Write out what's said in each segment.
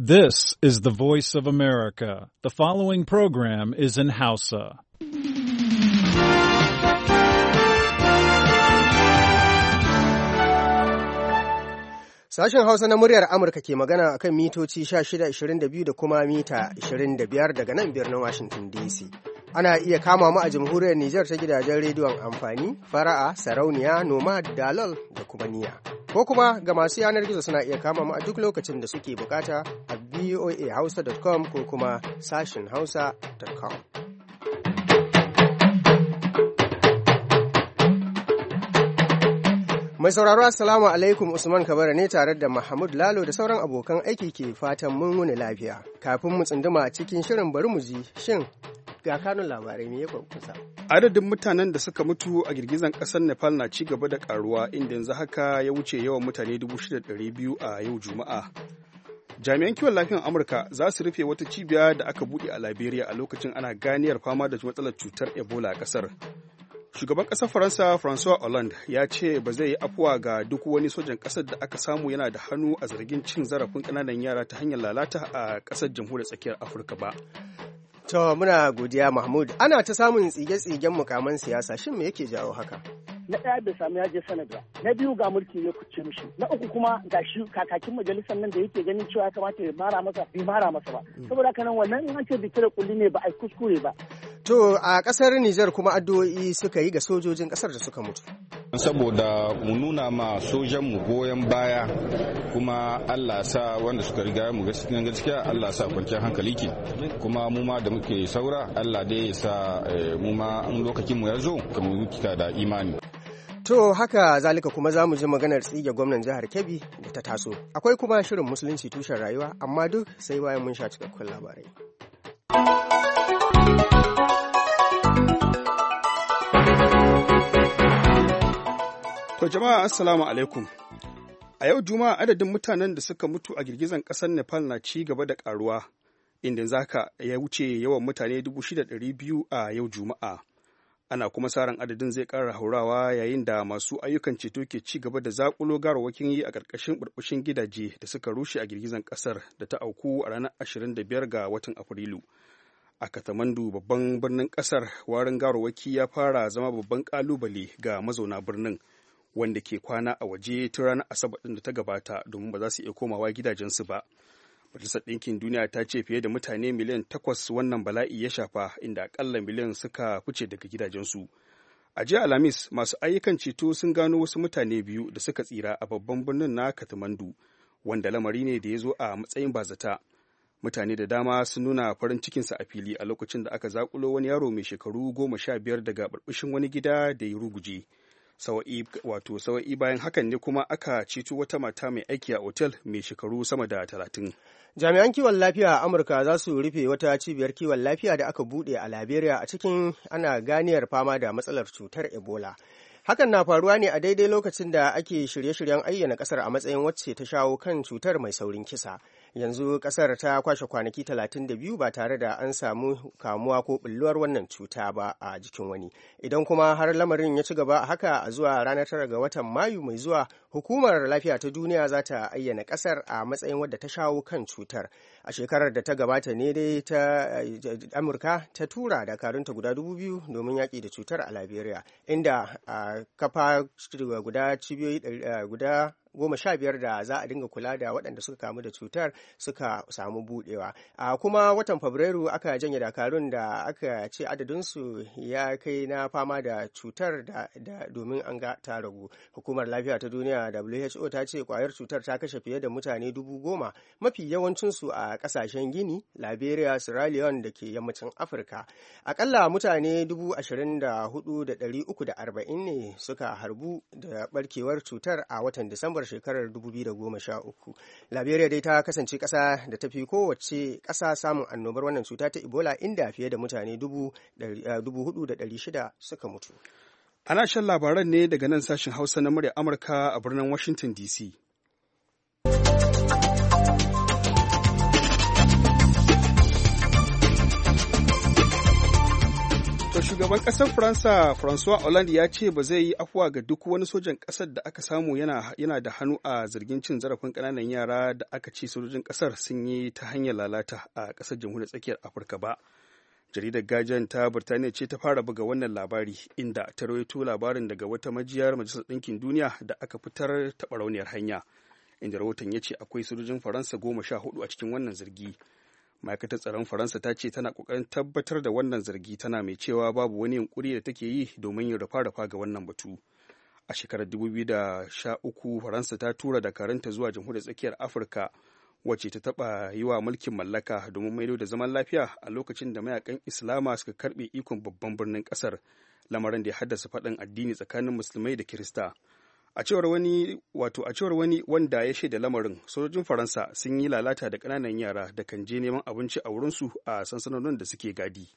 This is the voice of America. The following program is in Hausa. Sashen Hausa na muryar Amurka ke magana akan mitoci 16, da kuma mita 25 daga nan birnin Washington DC. Ana iya kama mu a jamhuriyar Nijar ta gidajen rediyon amfani, fara'a, sarauniya, noma, dalal da kuma niya. Ko kuma ga masu yanar gizo suna iya kama mu a duk lokacin da suke bukata a voahausa.com ko kuma sashin hausa.com. Mai sauraro Assalamu alaikum Usman Kabara ne tare da Mahmud Lalo da sauran abokan aiki ke fatan mun wuni lafiya. Kafin mu tsunduma cikin shirin bari mu ji shin ga kanun labarai me ya kusa adadin mutanen da suka mutu a girgizan kasar nepal na ci gaba da karuwa inda yanzu haka ya wuce yawan mutane 6,200 a yau juma'a jami'an kiwon lafiyan amurka za su rufe wata cibiya da aka buɗe a liberia a lokacin ana ganiyar fama da matsalar cutar ebola a ƙasar shugaban ƙasar faransa francois hollande ya ce ba zai yi afuwa ga duk wani sojan ƙasar da aka samu yana da hannu a zargin cin zarafin ƙananan yara ta hanyar lalata a kasar jamhuriyar tsakiyar afirka ba To muna godiya Mahmud. Ana ta samun tsige-tsigen mukaman siyasa shin me yake jawo haka? na ɗaya bai samu yaje je na biyu ga mulki ya kuce mishi na uku kuma ga shi kakakin majalisar nan da yake ganin cewa ya kamata ya mara masa bai mara masa ba mm. saboda kanan wannan in an ce bitar kulli ne ba a kuskure ba to a ƙasar Nijar kuma addu'o'i suka yi ga sojojin ƙasar da suka mutu saboda mu nuna ma sojan mu goyon baya kuma Allah sa wanda suka riga mu gaskiya gaskiya Allah sa kwanciyar hankali ke kuma mu ma da muke saura Allah dai ya sa eh, mu ma in lokacin mu ya zo kuma mu da imani To haka zalika kuma za mu ji maganar tsige gwamnan jihar Kebbi da ta taso. Akwai kuma shirin musulunci tushen rayuwa amma duk sai bayan mun sha cikakkun labarai. jama'a assalamu alaikum. A yau juma'a adadin mutanen da suka mutu a girgizan ƙasar Nepal na ci gaba da ƙaruwa inda zaka ya wuce yawan mutane 6,200 a yau juma'a. Ana kuma sa adadin zai ƙara haurawa yayin da masu ayyukan ceto ke ci gaba da zakulo garwakin yi a ƙarƙashin burbushin gidaje da suka rushe a girgizan ƙasar da ta auku a ranar 25 ga watan Afrilu. a Katamandu babban birnin ƙasar warin garwaki ya fara zama babban ƙalubale ga mazauna birnin. wanda ke kwana a waje tun ranar asabar da ta gabata domin ba za su iya komawa gidajensu ba majalisar ɗinkin duniya ta ce fiye da mutane miliyan takwas wannan bala'i ya shafa inda akalla miliyan suka fice daga gidajensu a jiya alhamis masu ayyukan ceto sun gano wasu mutane biyu da suka tsira a babban birnin na katimandu wanda lamari ne da ya zo a matsayin bazata mutane da dama sun nuna farin cikinsa a fili a lokacin da aka zakulo wani yaro mai shekaru goma sha biyar daga barbashin wani gida da ya ruguje sawa'i wato sawa'i bayan hakan ne kuma aka ceto wata mata mai aiki a otel mai shekaru sama da talatin. jami'an kiwon lafiya a amurka za su rufe wata cibiyar kiwon lafiya da aka buɗe a liberia a cikin ana ganiyar fama da matsalar cutar ebola hakan na faruwa ne a daidai lokacin da ake shirye-shiryen ayyana kasar a matsayin wacce ta shawo kan cutar mai saurin kisa yanzu kasar ta kwashe kwanaki 32 ba tare da an samu kamuwa ko bulluwar wannan cuta ba a jikin wani idan kuma har lamarin ya ci gaba a haka a zuwa ranar tara ga watan mayu mai zuwa hukumar lafiya ta duniya za ta ayyana kasar a matsayin wadda ta shawo kan cutar a shekarar da ta gabata ne dai ta amurka ta tura dakarunta guda dubu biyu domin yaƙi da cutar a liberia inda a kafa guda cibiyoyi guda goma sha biyar da za a dinga kula da waɗanda suka kamu da cutar suka samu budewa a kuma watan fabrairu aka janye dakarun da aka ce adadinsu ya kai na fama da cutar da domin an ga ta ragu hukumar lafiya ta duniya who ta ce kwayar cutar ta kashe fiye da mutane dubu goma mafi yawancinsu a ƙasashen gini liberia sierra leone da ke yammacin afirka akalla mutane dubu ashirin da hudu da ɗari uku da arba'in ne suka harbu da barkewar cutar a watan disambar shekarar 2013 liberia dai ta kasance kasa da ta fi kowace kasa samun annobar wannan cuta ta ebola inda fiye da mutane 4,600 eh, suka mutu ana shan labaran ne daga nan sashen hausa na murya amurka a birnin washington dc Shugaban kasar Faransa François Hollande ya ce ba zai yi afuwa ga duk wani sojan kasar da aka samu yana, da hannu a zargin cin zarafin kananan yara da aka ce sojojin kasar sun yi ta hanyar lalata a ƙasar jamhuriyar tsakiyar Afirka ba. Jaridar Guardian ta Birtaniya ce ta fara buga wannan labari inda ta rawaito labarin daga wata majiyar Majalisar Ɗinkin Duniya da aka fitar ta barauniyar hanya. Inda rahoton ya ce akwai sojojin Faransa goma sha hudu a cikin wannan zargi. ma'aikatar tsaron faransa ta ce tana kokarin tabbatar da wannan zargi tana mai cewa babu wani yunkuri da take yi domin yin rafa-rafa ga wannan batu a shekarar 2013 faransa ta tura da dakaranta zuwa jamhuriyar tsakiyar afirka wacce ta taɓa yi wa mulkin mallaka domin maido da zaman lafiya a lokacin da mayakan islama suka karɓe ikon babban birnin ƙasar lamarin da ya haddasa faɗin addini tsakanin musulmai da kirista a cewar wani wato a cewar wani wanda ya shaida lamarin sojojin faransa sun yi lalata da ƙananan yara da kan je neman abinci a wurinsu a sansanonin da suke gadi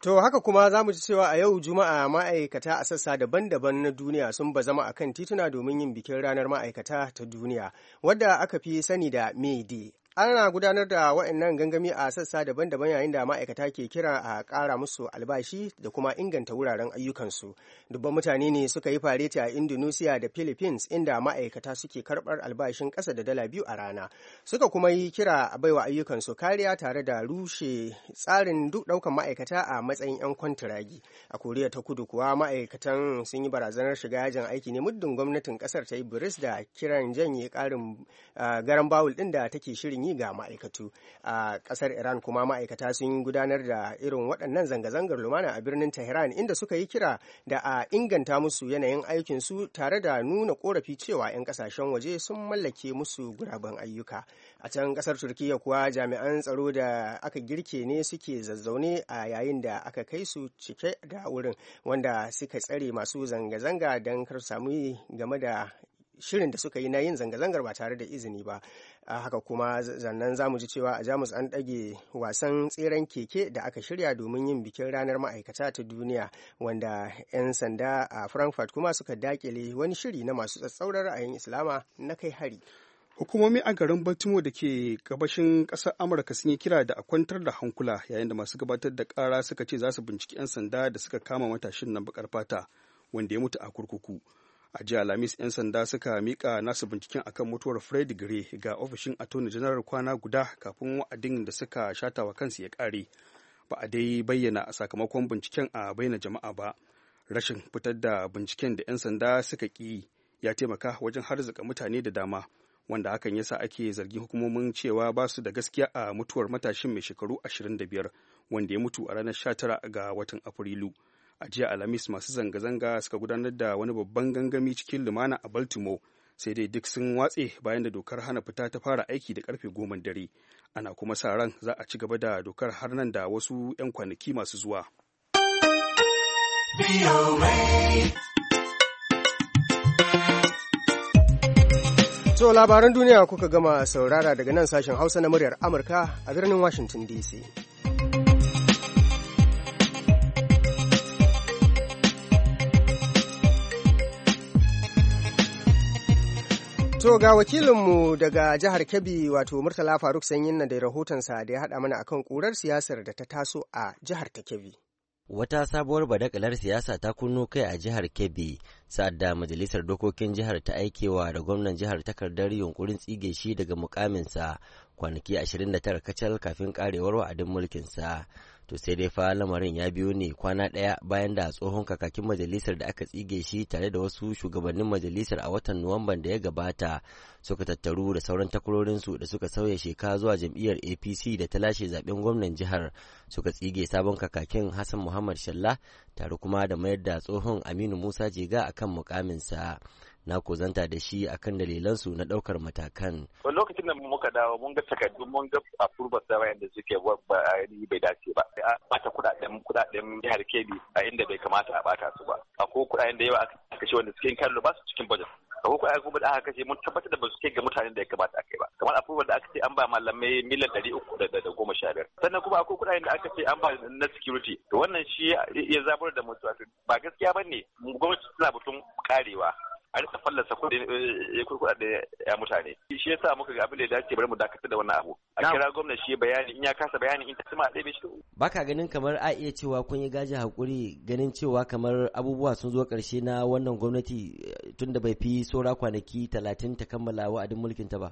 To haka kuma za mu ji cewa a yau Juma'a ma'aikata a sassa daban-daban na duniya sun ba zama kan tituna domin yin bikin ranar ma'aikata ta duniya, wadda aka fi sani da May Day. ana gudanar da waɗannan gangami a sassa daban-daban yayin da ma'aikata ke kira a ƙara musu albashi da kuma inganta wuraren ayyukansu dubban mutane ne suka yi fareti a indonesia da philippines inda ma'aikata suke karɓar albashin ƙasa da dala biyu a rana suka kuma yi kira a baiwa ayyukansu kariya tare da rushe tsarin duk ɗaukan ma'aikata a matsayin 'yan kwantiragi a koriya ta kudu kuwa ma'aikatan sun yi barazanar shiga yajin aiki ne muddin gwamnatin ƙasar ta yi biris da kiran janye ƙarin ah, garan bawul ɗin da take shirin aikin ga ma'aikatu a kasar iran kuma ma'aikata sun gudanar da irin waɗannan zanga-zangar lumana a birnin tehran inda suka yi kira da a inganta musu yanayin aikin su tare da nuna korafi cewa 'yan kasashen waje sun mallake musu guraben ayyuka a can kasar turkiya kuwa jami'an tsaro da aka girke ne suke zazzaune a yayin da aka kai su cike da wurin wanda suka tsare masu zanga-zanga don kar samu game da shirin da suka yi na yin zanga-zangar ba tare da izini ba a haka kuma zannan za mu ji cewa a jamus an ɗage wasan tseren keke da aka shirya domin yin bikin ranar ma'aikata ta duniya wanda 'yan sanda a frankfurt kuma suka dakile wani shiri na masu tsatsauran ra'ayin islama na kai hari hukumomi a garin baltimore da ke gabashin ƙasar amurka sun yi kira da a kwantar da hankula yayin da masu gabatar da ƙara suka ce za su binciki 'yan sanda da suka kama matashin nan baƙar fata wanda ya mutu a kurkuku a jiya alhamis 'yan sanda suka mika nasu binciken akan mutuwar fred gray ga ofishin attorney general kwana guda kafin wa'adin da suka shatawa kansu ya kare ba a dai bayyana sakamakon binciken a bayyana jama'a ba rashin fitar da binciken da 'yan sanda suka ki ya taimaka wajen harzuka mutane da dama wanda hakan yasa ake zargin hukumomin cewa ba su da gaskiya a mutuwar matashin mai shekaru 25 wanda ya mutu a ranar 19 ga watan afrilu a jiya alhamis masu zanga-zanga suka gudanar da wani babban gangami cikin lumana a baltimore sai dai duk sun watse bayan da dokar hana fita ta fara aiki da karfe goma dare ana kuma sa ran za a ci gaba da dokar har nan da wasu 'yan kwanaki masu zuwa To labaran duniya kuka gama saurara daga nan sashen Hausa na muryar Amurka a birnin Washington DC. To ga wakilinmu daga jihar Kebbi wato Murtala Faruk Sanyin na da rahotonsa da ya haɗa mana akan ƙurar siyasar da ta taso a jihar ta Kebbi. Wata sabuwar badakalar siyasa ta kunno kai a jihar Kebbi sa'ad da majalisar dokokin jihar ta aikewa da gwamnan jihar takardar yunkurin tsige shi daga mukaminsa kwanaki ashirin da 29 kacal kafin karewar wa'adin mulkinsa. sa. to sai dai fa lamarin ya biyo ne kwana ɗaya bayan da tsohon kakakin majalisar da aka tsige shi tare da wasu shugabannin majalisar a watan nuwamban da ya gabata suka tattaru da sauran takwarorinsu da suka sauya sheka zuwa jam'iyyar apc da ta lashe zaben gwamnan jihar suka tsige sabon kakakin hassan muhammad shalla tare kuma da mayar da tsohon aminu musa jega akan mukaminsa. na kozanta da shi akan dalilansu na ɗaukar matakan. lokacin da muka dawo mun ga takardu mun ga approval da wayan yadda suke ba bai dace ba a bata kudaden kudaden jihar Kebbi a inda bai kamata a bata su ba akwai kudaden da yawa aka kashe wanda suke kallo ba su cikin budget akwai kudaden kuma da aka kashe mun tabbatar da ba su ke ga mutanen da ya kamata a kai ba kamar approval da aka ce an ba malamai miliyan ɗari uku da goma sha biyar sannan kuma akwai kudaden da aka ce an ba na security to wannan shi ya zabar da mutuwa ba gaskiya ba ne gwamnati suna batun karewa a rika fallasa eh, eh, kuɗaɗe ya mutane shi yasa muka ga abin da ya dace bari mu dakatar da wannan abu a kira gwamnati shi bayani in ya kasa bayani in ta sama ɗaya shi baka ganin kamar a iya cewa kun yi gaji hakuri ganin cewa kamar abubuwa sun zo karshe na wannan gwamnati eh, tunda bai fi saura kwanaki talatin ta kammala wa'adin mulkin ta ba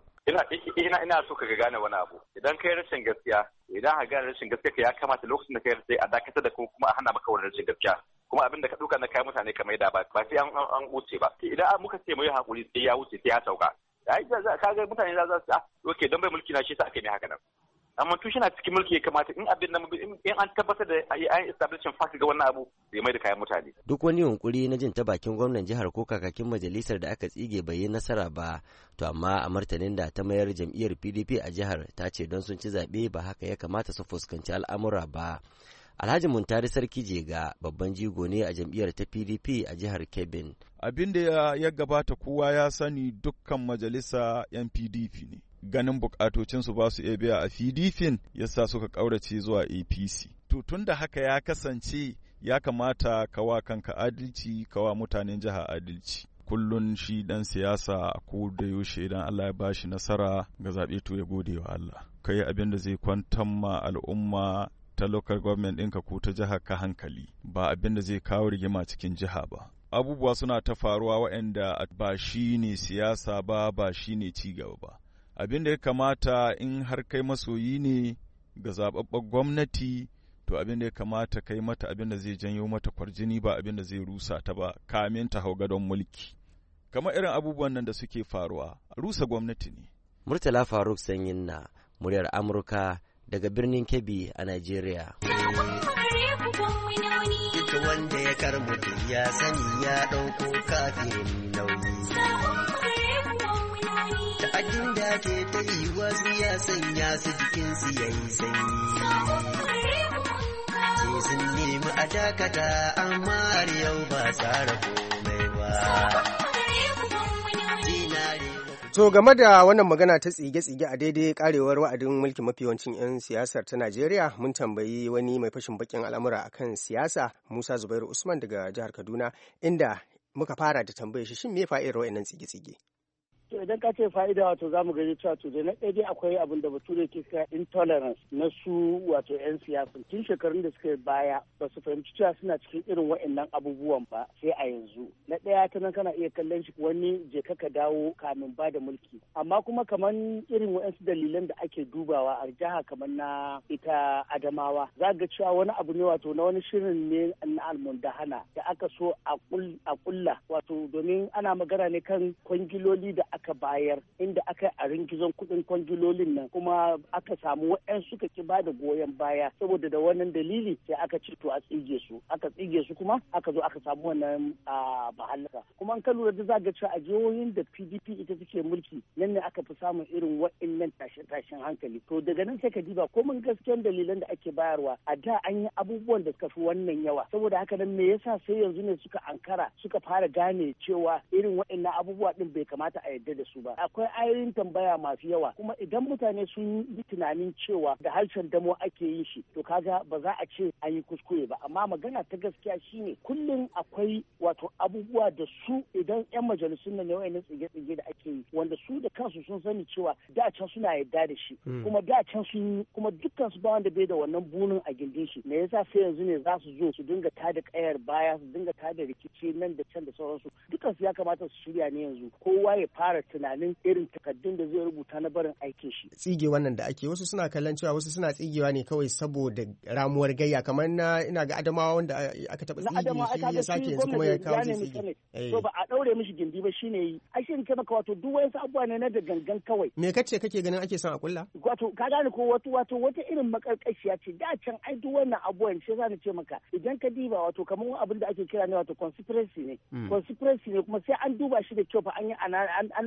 ina ina so ka gane wani abu idan kai rashin gaskiya idan ka gane rashin gaskiya ya kamata lokacin da kai rashin a dakatar da kuma kuma a hana maka wani rashin gaskiya kuma abin da ka duka na kai mutane kamar da ba ba sai an an wuce ba idan muka ce mu yi hakuri sai ya wuce sai ya sauka ai ka ga mutane za su ah okay don bai mulki na shi sa aka ne haka nan amma tushe na cikin mulki ya kamata in abin nan in an tabbatar da an establishing fact ga wannan abu ya mai da kayan mutane duk wani yunkuri na jin ta bakin gwamnan jihar ko kakakin majalisar da aka tsige bai yi nasara ba to amma a martanin da ta mayar jam'iyyar PDP a jihar ta ce don sun ci zaɓe ba haka ya kamata su fuskanci al'amura ba Alhaji Muntari Sarki Jega babban jigo ne a jam'iyyar ta PDP a jihar Kebbi. Abin da ya gabata kowa ya sani dukkan majalisa 'yan PDP ne. ganin bukatocinsu ba su iya biya a ya sa suka ƙaurace zuwa apc to tun da haka ya kasance ya kamata kawa kanka adalci kawa mutanen jiha adalci kullun shi dan siyasa ko da yaushe idan Allah ya bashi nasara ga zaɓe to ya gode wa Allah kai abin da zai kwantar ma al'umma ta local government ɗinka ko ta jiha ka hankali ba abin da zai kawo rigima cikin jiha ba abubuwa suna ta faruwa waɗanda ba shi ne siyasa ba ba shi ne cigaba ba abin da ya kamata in har kai masoyi ne ga zaɓaɓɓen gwamnati to abin da ya kamata kai mata abin da zai janyo mata kwarjini ba abin da zai rusa ta ba kamin ta hau gadon mulki Kama irin abubuwan nan da suke faruwa rusa gwamnati ne murtala faruk sanyin na muryar amurka daga birnin kebbi a nigeria wanda ya karmutu ya sani ya ɗauko kafin nauyi ta'addin da ke ta yi wasu ya sanya su jikinsu ya yi sanyi sun nemi a dakata amma har yau ba sa rabo mai ba To game da wannan magana ta tsige-tsige a daidai karewar wa'adin mulkin mafi yawancin 'yan siyasar ta Najeriya mun tambayi wani mai fashin bakin al'amura akan siyasa Musa Zubairu Usman daga jihar Kaduna inda muka fara da tambayar shi shin me fa'idar wa'annan tsige-tsige? idan ka ce fa'ida wato za mu gani cewa to na ɗaya akwai abin da bature ke kira intolerance na su wato 'yan siyasa tun shekarun da suka baya ba su fahimci cewa suna cikin irin wa'annan abubuwan ba sai a yanzu na ɗaya ta nan kana iya kallon shi wani je ka dawo kamin ba da mulki amma kuma kamar irin wa'ansu dalilan da ake dubawa a jiha kamar na ita adamawa za ga cewa wani abu ne wato na wani shirin ne na almundahana da aka so a kulla wato domin ana magana ne kan kwangiloli da aka aka bayar inda aka a ringizon kuɗin kwangilolin nan kuma aka samu wa'yan suka ki ba da goyon baya saboda da wannan dalili sai aka ci to a tsige su aka tsige su kuma aka zo aka samu wannan a bahallaka kuma an ka lura da zaga cewa a jihohin da PDP ita take mulki nan ne aka fi samun irin waɗannan tashe-tashen hankali to daga nan sai ka diba mun gaskiyar dalilan da ake bayarwa a da an yi abubuwan da suka fi wannan yawa saboda haka nan me yasa sai yanzu ne suka ankara suka fara gane cewa irin waɗannan abubuwa din bai kamata a yadda da da su ba akwai ayoyin tambaya masu yawa kuma idan mutane sun yi tunanin cewa da harshen damo ake yin shi to kaga ba za a ce an yi kuskure ba amma magana ta gaskiya shine kullum akwai wato abubuwa da su idan yan majalisun na ne tsige-tsige da ake yi wanda su da kansu sun sani cewa da can suna yadda da shi hmm. kuma da can sun kuma dukkan su ba wanda bai da wannan bunin a gindin shi me yasa sai yanzu ne za su zo su dinga tada kayar baya su dinga tada rikici nan da can da sauransu dukkan su ya kamata su shirya ne yanzu kowa ya fara tunanin irin takaddun da zai rubuta na barin aikin shi tsige wannan da ake wasu suna kallon cewa wasu suna tsigewa ne kawai saboda ramuwar gayya kamar na ina ga adamawa wanda aka taba tsige shi ya sake yanzu kuma ya kawo shi tsige eh. to ba a daure mishi gindi ba shine yi ai shi ne maka wato duk wayansu abubuwa ne na da gangan kawai me kace kake ganin ake son a kulla wato ka gane ko wato wato wata irin makarkashiya ce da can ai duk wannan abubuwan shi za ce maka idan ka diba wato kamar abin da ake kira ne wato conspiracy ne hmm. conspiracy ne kuma sai an duba shi da kyau fa an yi an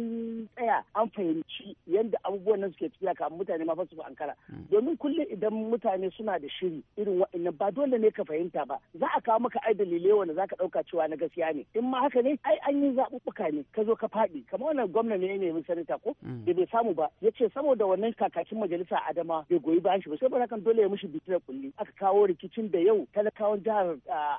an tsaya an fahimci yadda abubuwan nan suke tafiya kamar mutane ma fa su ankara hmm. domin kullum idan mutane suna da shiri irin wa'annan ba dole ne ka fahimta ba za a kawo maka ai dalilai wanda za ka ɗauka cewa na gaskiya ne in ma haka ne ai an yi zaɓuɓɓuka ne ka zo ka faɗi kamar wannan gwamna ne ya nemi sanita ko hmm. da bai samu ba ya ce saboda wannan kakakin majalisa Adama bai goyi bayan shi ba bana kan dole ya mishi bitirar kulli aka kawo rikicin da yau talakawan jihar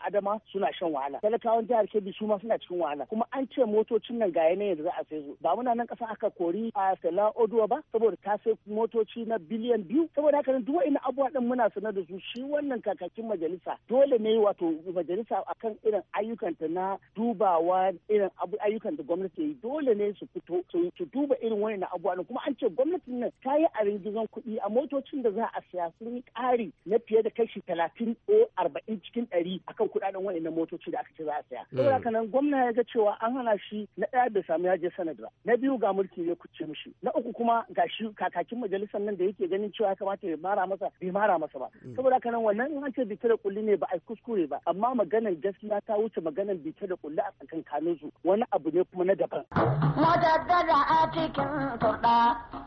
Adama suna shan wahala talakawan jihar Kebbi su ma suna cikin wahala kuma an ce motocin nan ga yanayin da za a sai su ba muna nan ƙasa aka kori a sala Oduwa ba saboda ta sai motoci na biliyan biyu saboda haka duk wa'in abubuwa din muna sanar da su shi wannan kakakin majalisa dole ne wato majalisa akan irin ayyukanta na dubawa irin ayyukan da gwamnati yi dole ne su fito su duba irin wa'in abubuwa kuma an ce gwamnati nan ta yi a kuɗi a motocin da za a siya sun yi ƙari na fiye da kashi talatin ko arba'in cikin ɗari akan kuɗaɗen na motoci da aka ce za a siya. Saboda haka nan gwamna ya ga cewa an hana shi na ɗaya bai samu ya je ba na biyu ga mulki ya kuce mishi na uku kuma ga shi kakakin majalisar nan da yake ganin cewa ya kamata ya mara masa bai mara masa ba mm. saboda haka nan wannan an ce bitar da kulli ne ba a kuskure ba amma maganar gaskiya ta wuce maganar bitar da kulli a tsakankanin su wani abu ne kuma na daban a cikin turda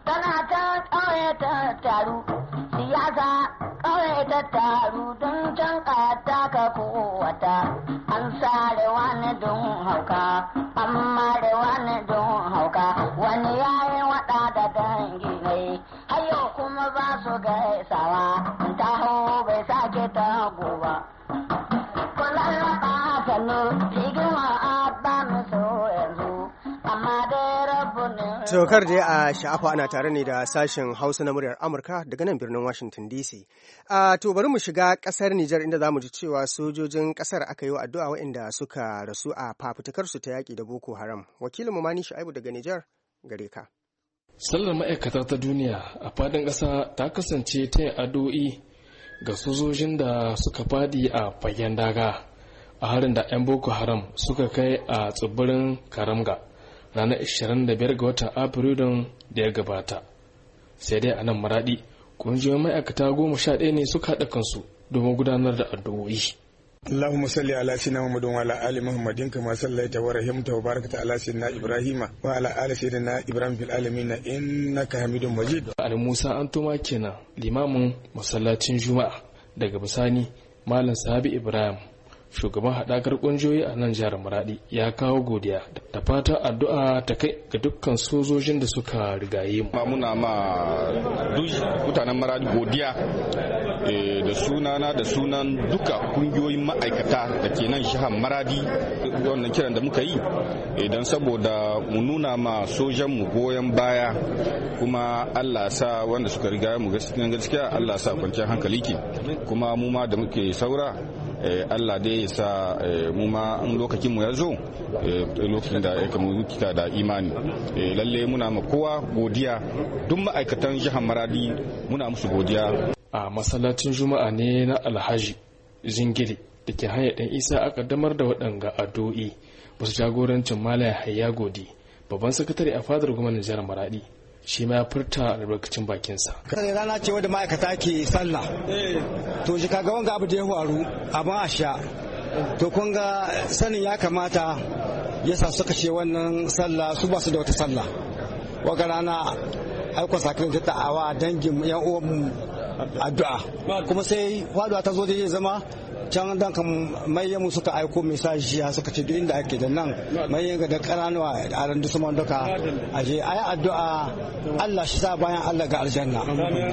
tana ta kauye ta taru siyasa kauye ta taru don can ka kowata an sare wani don hauka amma da wani don hauka sauka wani yayi wada da dangi ne hayo kuma ba su gaisawa taho bai sake tago ba kullum ba sannu rigima a Tokar dai a sha'afa ana tare ne da sashen Hausa na muryar Amurka daga nan birnin Washington DC. A to bari mu shiga kasar Nijar inda zamu ji cewa sojojin kasar aka yi addu'a waɗanda suka rasu a fafutukar su ta yaƙi da Boko Haram. Wakilin mu Mani Shu'aibu daga Nijar gare ka. Sallar Ma'aikatar ta duniya a fadin ƙasa ta kasance ta yi addu'o'i ga sojojin da suka fadi a fagen daga a harin da 'yan Boko Haram suka kai a tsibirin Karamga. ranar 25 ga watan afirilu da ya gabata sai dai a nan maradi kungiyoyin ma'aikata goma sha daya ne suka haɗa kansu domin gudanar da addu'o'i. allahu masalli ala na muhammadu wa ala ali muhammadu inka ma sallai ta wara him ta wabarka ta ala na ibrahim wa ala ala shi na ibrahim fil na in na ka hamidu majid. ala musa an tuma kenan limamin masallacin juma'a daga bisani malam sabi ibrahim shugaban haɗakar ƙungiyoyi a nan jihar Maradi ya kawo godiya da fatan addu'a ta kai ga dukkan sojojin da suka rigaye mu. Muna ma duk mutanen Maradi godiya eh, da sunana da sunan duka kungiyoyin ma'aikata da ke nan jihar Maradi wannan kiran da muka yi idan eh, saboda mu nuna ma sojan mu goyon baya kuma Allah sa wanda suka riga mu gaskiya Allah sa kwanciyar hankali ke kuma mu ma da muke saura Eh, Allah dai ya sa eh, mu ma in lokacin mu ya zo eh, lokacin da ya mu kika da imani lalle muna ma kowa godiya duk ma'aikatan jihar Maradi muna musu godiya a masallacin juma'a ne na alhaji zingiri da ke hanyar dan isa a kaddamar da waɗanga addu'o'i su jagorancin malaya hayya godi babban sakatare a fadar gwamnatin jihar maradi shi ma ya furta albarkacin bakinsa. Kare rana ce wadda ma'aikata ke sallah. To shi kaga wanga abu da ya faru a a asha. To kun ga sanin ya kamata yasa suka ce wannan sallah su ba su da wata sallah. Waga rana aiko sakin ta ta'awa dangin yan mu addu'a. Kuma sai faduwa ta zo da zama can dan kan mayan mu suka aiko misaji ya suka ce duk inda ake da nan mayan ga da karanuwa a ran dusuman duka aje ayi addu'a Allah shi sa bayan Allah ga aljanna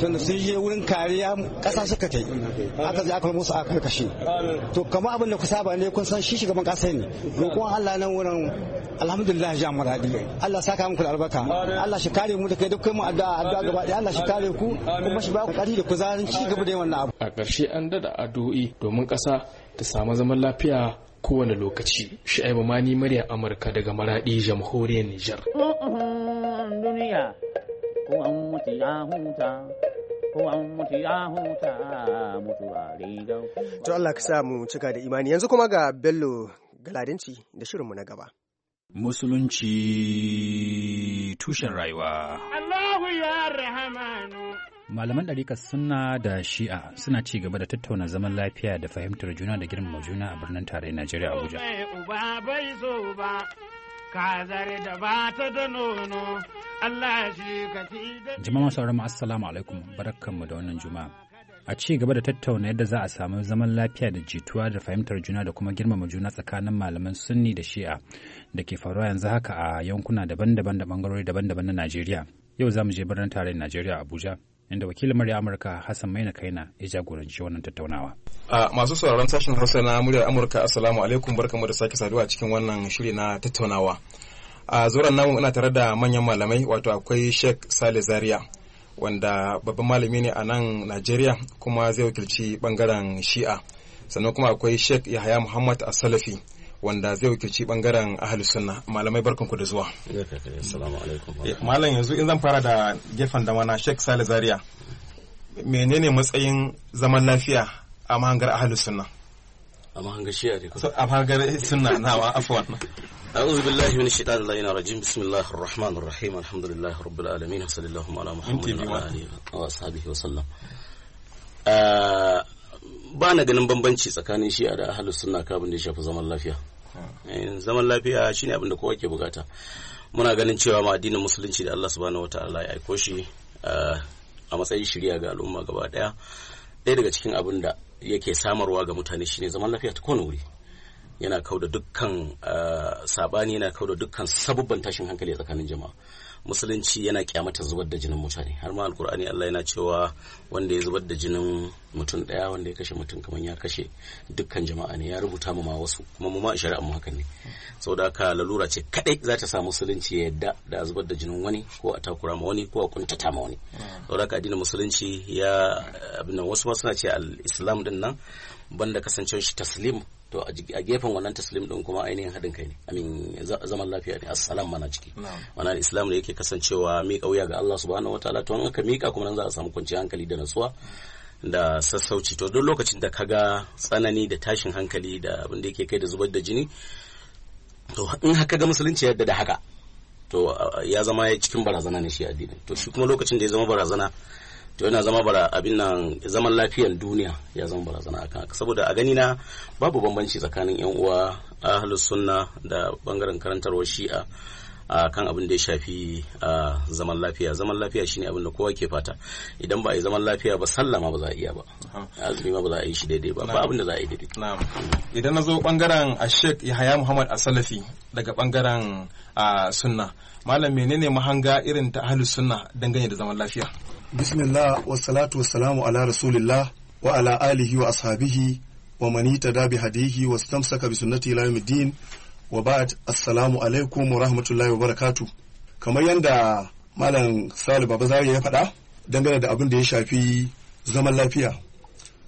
to sun je wurin kariya kasa suka tai aka je aka musu aka kashe to kamar abin da ku saba ne kun san shi shugaban kasa ne kuma Allah nan wurin alhamdulillah ja muradi Allah saka muku da albarka Allah shi kare mu da kai duk kai mu addu'a addu'a gaba ɗaya Allah shi kare ku kuma shi ba ku ƙarfi da ku ci gaba da wannan abu a ƙarshe an dada addu'o'i domin ƙasa ƙasa ta samu zaman lafiya kowane lokaci sha'ibu mani murya amurka daga maraɗi jamhuriyar nijar To Allah ka sa mu cika da imani yanzu kuma ga Bello Galadinci da shirinmu na gaba. Musulunci tushen rayuwa. Malaman ɗarikar suna da shi'a suna ci gaba da tattauna zaman lafiya da fahimtar juna da girmama juna a birnin tarayyar Najeriya Abuja. Jama'a sauran assalamu alaikum mu da wannan juma'a. A ci gaba da tattauna yadda za a samu zaman lafiya da jituwa da fahimtar juna da kuma girmama juna tsakanin malaman sunni da shi'a da ke faruwa yanzu haka a yankuna daban-daban da bangarori daban-daban na Najeriya. Yau za mu je birnin tarayyar Najeriya Abuja. inda wakilin murya Amurka Hassan Maina Kaina ya jagoranci wannan tattaunawa. A masu sauraron sashen Hausa na muryar Amurka Assalamu alaikum barkamu da sake saduwa cikin wannan shiri na tattaunawa. A zuran namu ina tare da manyan malamai wato akwai Sheikh Sale Zaria wanda babban malami ne a nan Najeriya kuma zai wakilci bangaren Shi'a. Sannan kuma akwai Sheikh Yahaya Muhammad Asalafi wanda zai wakilci bangaren ahli sunna malamai barkanku da zuwa eh, malam yanzu in zan fara da gefen da mana Sheikh Sale Zaria menene matsayin zaman lafiya a mahangar ahli sunna a mahangar shi'a ne a mahangar sunna na wa afwan أعوذ بالله من الشيطان اللعين الرجيم بسم الله الرحمن الرحيم الحمد لله رب العالمين وصلى الله على محمد وعلى آله وأصحابه وسلم ba na ganin bambanci tsakanin shi'a da ahalu sunna kabin da ya shafi zaman lafiya eh, zaman lafiya shine abin da kowa ke bukata muna ganin cewa ma addinin musulunci da Allah subhanahu ta'ala ya aiko shi eh, a matsayin shirya ga al'umma gaba daya ɗaya daga cikin abin da yake samarwa ga mutane shine zaman lafiya ta kowane wuri yana kau dukkan eh, sabani yana kau da dukkan sabubban tashin hankali tsakanin jama'a musulunci yana kyamata zubar da jinin mutane har ma alkur'ani Allah yana cewa wanda ya zubar da jinin mutum daya wanda ya kashe mutum kamar ya kashe dukkan jama'a ne ya rubuta mu ma wasu kuma mu ma shari'a mu hakan ne saboda haka lalura ce kadai za ta sa musulunci ya yadda da zubar da jinin wani ko a takura ma wani ko a kuntata ma wani saboda haka addinin musulunci ya abin wasu ma suna ce al-islam din nan banda kasancewar shi taslim to a gefen wannan taslim din kuma ainihin haɗin kai ne amin zaman lafiya ne assalam mana ciki mana islam da yake kasancewa miƙa wuya ga Allah subhanahu wataala to an aka miƙa kuma nan za a samu kwanciyar hankali da natsuwa da sassauci to duk lokacin da kaga tsanani da tashin hankali da abin da yake kai da zubar da jini to in haka ga musulunci yadda da haka to ya zama ya cikin barazana ne shi addinin to shi kuma lokacin da ya zama barazana to yana zama bara abin nan zaman lafiyan duniya ya zama barazana akan haka saboda a gani na babu bambanci tsakanin yan uwa ahlus sunna da bangaren karantarwar shi'a a kan abin da ya shafi a zaman lafiya zaman lafiya shine abin da kowa ke fata idan ba a yi zaman lafiya ba sallah ma ba za a iya ba azumi ma ba za a yi shi daidai ba ba abin da za a yi daidai idan na zo bangaren ashek yahaya muhammad asalafi daga bangaren sunna malam menene mahanga irin ta ahlus sunna dangane da zaman lafiya bismillah wasalatu wasalamu ala rasulillah wa ala alihi wa ashabihi wa mani ta bi hadihi wa stamsaka bi sunnati ila yawmiddin wa ba'd assalamu alaikum wa rahmatullahi wa barakatuh kamar yadda malam Salu Baba Zariya ya faɗa dangane da abin da ya shafi zaman lafiya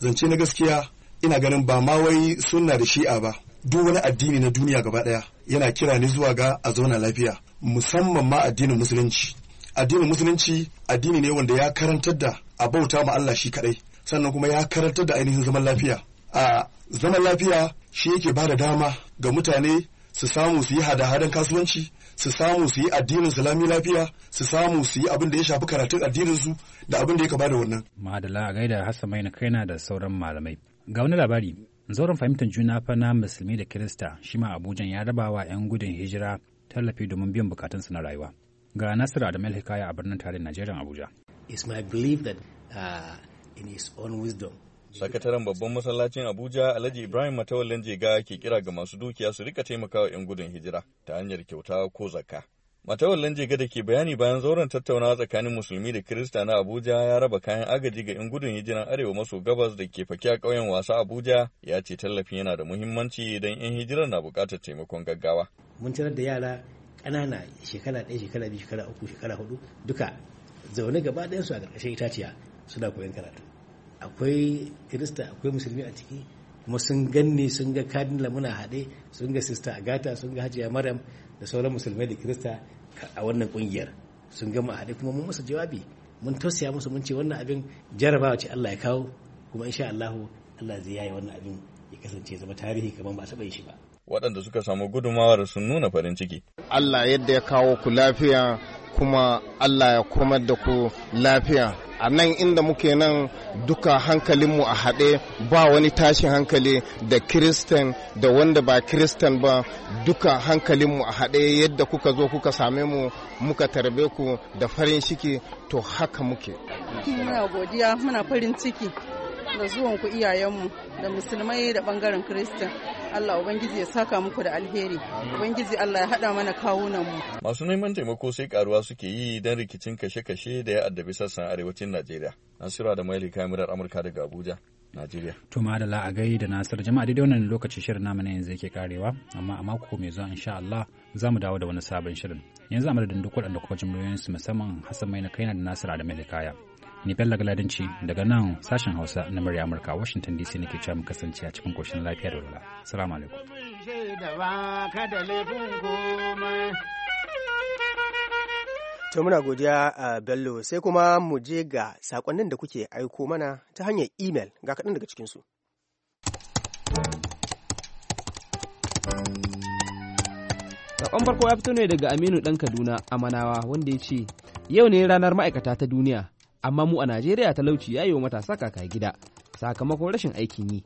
zance na gaskiya ina ganin ba ma wai sunna da shi'a ba duk wani addini na duniya gaba ɗaya yana kira ni zuwa ga a zauna lafiya musamman ma addinin musulunci addinin musulunci addini ne wanda ya karantar da a bauta ma Allah shi kadai sannan kuma ya karantar da ainihin zaman lafiya a zaman lafiya shi yake ba da dama ga mutane su samu su yi hada-hadan kasuwanci su samu su yi addinin salami lafiya su samu su yi abin da ya shafi karatun addinin su da abin da ya kaba da wannan. Madala a gaida Hassan Maina na da sauran malamai. Ga wani labari, zauren fahimtar juna fa na musulmi da Kirista shi ma Abuja ya rabawa 'yan gudun hijira tallafi domin biyan bukatunsu na rayuwa. Ga Nasiru Adamu Hikaya a birnin tarin Najeriya Abuja. It's my belief that uh, in his own wisdom Sakataren babban masallacin Abuja Alhaji Ibrahim Matawallan Jega ke kira ga masu dukiya su rika taimakawa 'yan gudun hijira ta hanyar kyauta ko zakka. Matawallan Jega da ke bayani bayan zauren tattaunawa tsakanin musulmi da Kirista na Abuja ya raba kayan agaji ga 'yan gudun hijiran arewa maso gabas da ke fakiya ƙauyen wasa Abuja ya ce tallafin yana da muhimmanci don 'yan hijirar na buƙatar taimakon gaggawa. Mun tarar da yara ƙanana shekara ɗaya shekara biyu shekara uku shekara hudu duka zaune gaba ɗayan su a ƙarƙashin itaciya suna koyon karatu akwai kirista akwai musulmi a ciki kuma sun ganni sun ga kadin muna haɗe sun ga sista agata sun ga hajiya maryam da sauran musulmai da kirista a wannan ƙungiyar sun gama haɗe kuma mun masa jawabi mun tausaya musu mun ce wannan abin jarabawa ce Allah ya kawo kuma insha Allah Allah zai yaye wannan abin ya kasance zama tarihi kamar ba a taɓa yi shi ba waɗanda suka samu gudumawar sun nuna farin ciki. Allah yadda ya kawo ku lafiya kuma Allah ya komar da ku lafiya. A nan inda muke nan duka hankalinmu a haɗe ba wani tashin hankali da Kiristan da wanda ba Kiristan ba duka hankalinmu a haɗe yadda kuka zo kuka same mu muka tarbe ku da farin ciki to haka muke. Muna godiya muna farin ciki da zuwan ku iyayenmu da musulmai da bangaren Kirista. Allah Ubangiji ya saka muku da alheri. Ubangiji Allah ya hada mana kawunanmu. Masu neman taimako sai karuwa suke yi don rikicin kashe-kashe da ya addabi sassan arewacin Najeriya. Nasira da Maili kamirar Amurka daga Abuja. Najeriya. To ma da gai da Nasir jama'a daidai wannan lokaci shirin namu na yanzu yake karewa amma a mako mai zuwa insha Allah za mu dawo da wani sabon shirin. Yanzu a madadin duk waɗanda kuma su musamman Hassan Maina Kaina da Nasir Adamu kaya. ni Bello galadinci daga nan sashen Hausa na murya Amurka Washington DC nake cewa mu kasance a cikin koshin lafiya da walwala. Assalamu alaikum. To muna godiya a Bello sai kuma mu je ga sakonnin da kuke aiko mana ta hanyar email ga kaɗan daga cikinsu. Sakon farko ya fito ne daga Aminu ɗan Kaduna amanawa wanda ya ce, Yau ne ranar ma'aikata ta duniya, amma mu a Najeriya talauci ya yi wa matasa kaka gida sakamakon rashin aikin yi.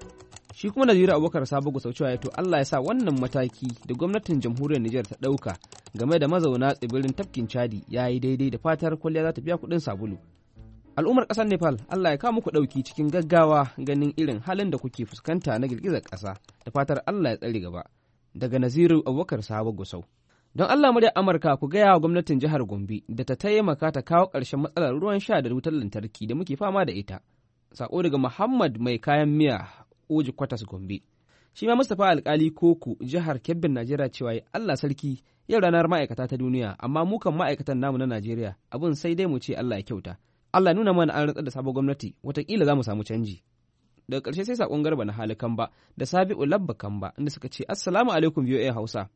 Shi kuma Naziru Abubakar Sabo Gusau cewa to Allah ya sa wannan mataki da gwamnatin jamhuriyar Nijar ta ɗauka game da mazauna tsibirin tafkin Chadi ya yi daidai da fatar kwalliya za ta biya kuɗin sabulu. Al'ummar ƙasar Nepal Allah ya kawo muku ɗauki cikin gaggawa ganin irin halin da kuke fuskanta na girgizar ƙasa da fatar Allah ya tsare gaba. Daga Naziru Abubakar Sabo Gusau. Don Allah murya Amurka ku gaya wa gwamnatin jihar Gombe da ta taimaka ta kawo ƙarshen matsalar ruwan sha da wutar lantarki da muke fama da ita. Sako daga Muhammad mai kayan miya Oji Kwatas Gombe. Shi ma Mustapha Alkali Koko jihar Kebbin Najeriya cewa Allah sarki yau ranar ma'aikata ta duniya amma mu kan ma'aikatan namu na Najeriya abun sai dai mu ce Allah ya kyauta. Allah nuna mana an rantsar da sabon gwamnati watakila za mu samu canji. daga ƙarshe sai saƙon garba na halikan ba da sabi'u labba kan ba inda suka ce assalamu alaikum voa hausa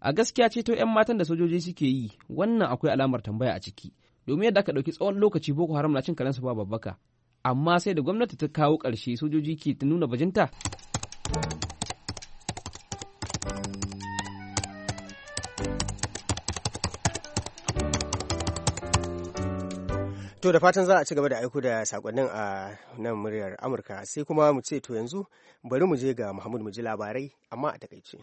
a gaskiya ce to 'yan matan da sojoji suke yi wannan akwai alamar tambaya a ciki domin yadda aka ɗauki tsawon lokaci boko haram na cin karensu ba babbaka amma sai da gwamnati ta kawo ƙarshe sojoji ke ta nuna bajinta To da fatan za a ci gaba da aiko da sakonnin a nan muryar Amurka sai kuma mu ce to yanzu bari mu je ga Muhammadu mu ji labarai amma a takaice.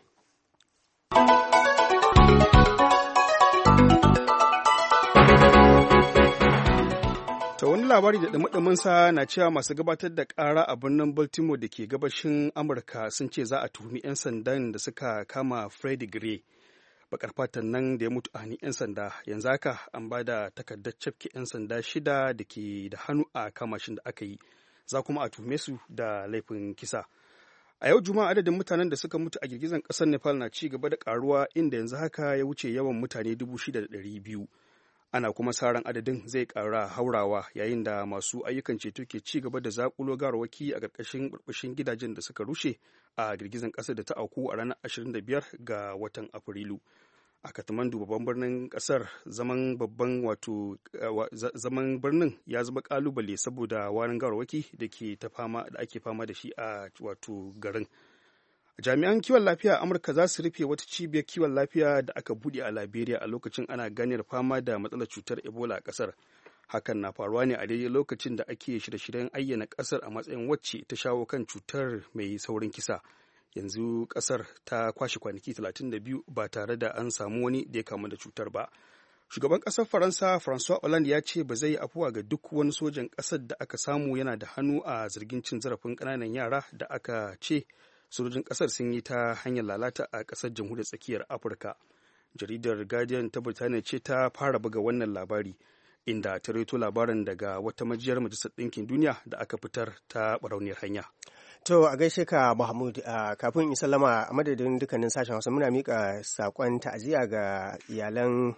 ta wani labari da dumi sa na cewa masu gabatar da ƙara a birnin baltimore da ke gabashin amurka sun ce za a tuhumi 'yan sandan da suka kama freddie gray bakar fatan nan da ya mutu a hannun 'yan sanda yanzu haka an ba da takardar cafke 'yan sanda shida da ke da hannu a kamashin da aka yi za kuma a tuhume su da laifin kisa a yau juma'a adadin mutanen da suka mutu a girgizan kasar nepal na ci gaba da karuwa inda yanzu haka ya wuce yawan mutane dubu shida da ɗari biyu ana kuma sa ran adadin zai kara haurawa yayin da masu ayyukan ceto ke ci gaba da zakulo garwaki a ƙarƙashin burbushin gidajen da suka rushe a girgizan ƙasar da ta auku a ranar 25 ga watan afrilu a katamandu babban birnin ƙasar zaman babban wato eh, zaman birnin ya zama ƙalubale saboda warin garwaki da ke ta fama da ake fama da shi a wato garin jami'an kiwon lafiya a amurka za su rufe wata cibiyar kiwon lafiya da aka buɗe a liberia a lokacin ana ganiyar fama da matsalar cutar ebola a ƙasar hakan na faruwa ne a daidai lokacin da ake shirye-shiryen ayyana ƙasar a matsayin wacce ta shawo kan cutar mai saurin kisa yanzu ƙasar ta kwashe kwanaki 32 ba tare da an samu wani da ya kamu da cutar ba shugaban ƙasar faransa françois hollande ya ce ba zai yi afuwa ga duk wani sojan kasar da aka samu yana da hannu a zargin cin zarafin kananan yara da aka ce sojojin kasar sun yi ta hanyar lalata a kasar jamhuriyar tsakiyar afirka jaridar guardian ta birtaniya ce ta fara buga wannan labari inda ta raito labarin daga wata majiyar majalisar ɗinkin duniya da aka fitar ta barauniyar hanya To a gaishe ka Mahmud kafin in sallama a madadin dukkanin sashen Hausa muna miƙa sakon ta'aziyya ga iyalan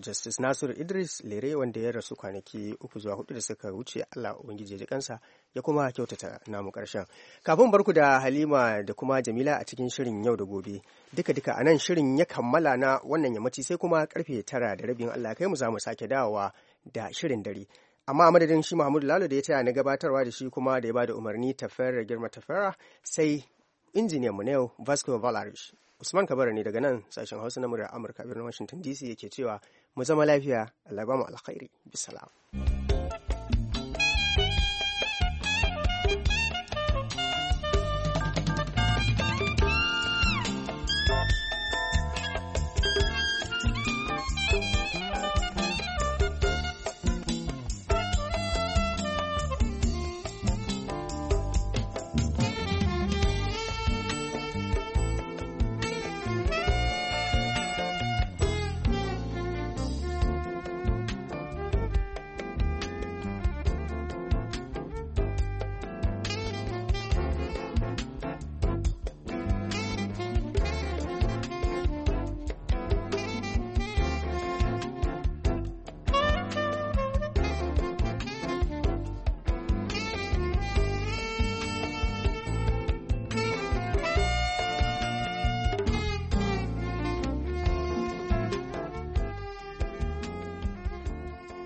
Justice Nasir Idris Lere wanda ya rasu kwanaki uku zuwa hudu da suka wuce Allah ubangiji ya ji kansa ya kuma kyautata namu ƙarshen kafin barku da halima da kuma jamila a cikin shirin yau da gobe duka duka a nan shirin ya kammala na wannan yammaci sai kuma karfe tara da rabin allah kai mu za mu sake dawowa da shirin dare amma madadin shi muhammadu lalo da ya taya na gabatarwa da shi kuma da ya bada umarni tafera girma tafera sai injiniyan mu na yau vasco valarish usman kabara ne daga nan sashen hausa na muryar amurka birnin washington dc yake cewa mu zama lafiya allah ba mu alkhairi bisalam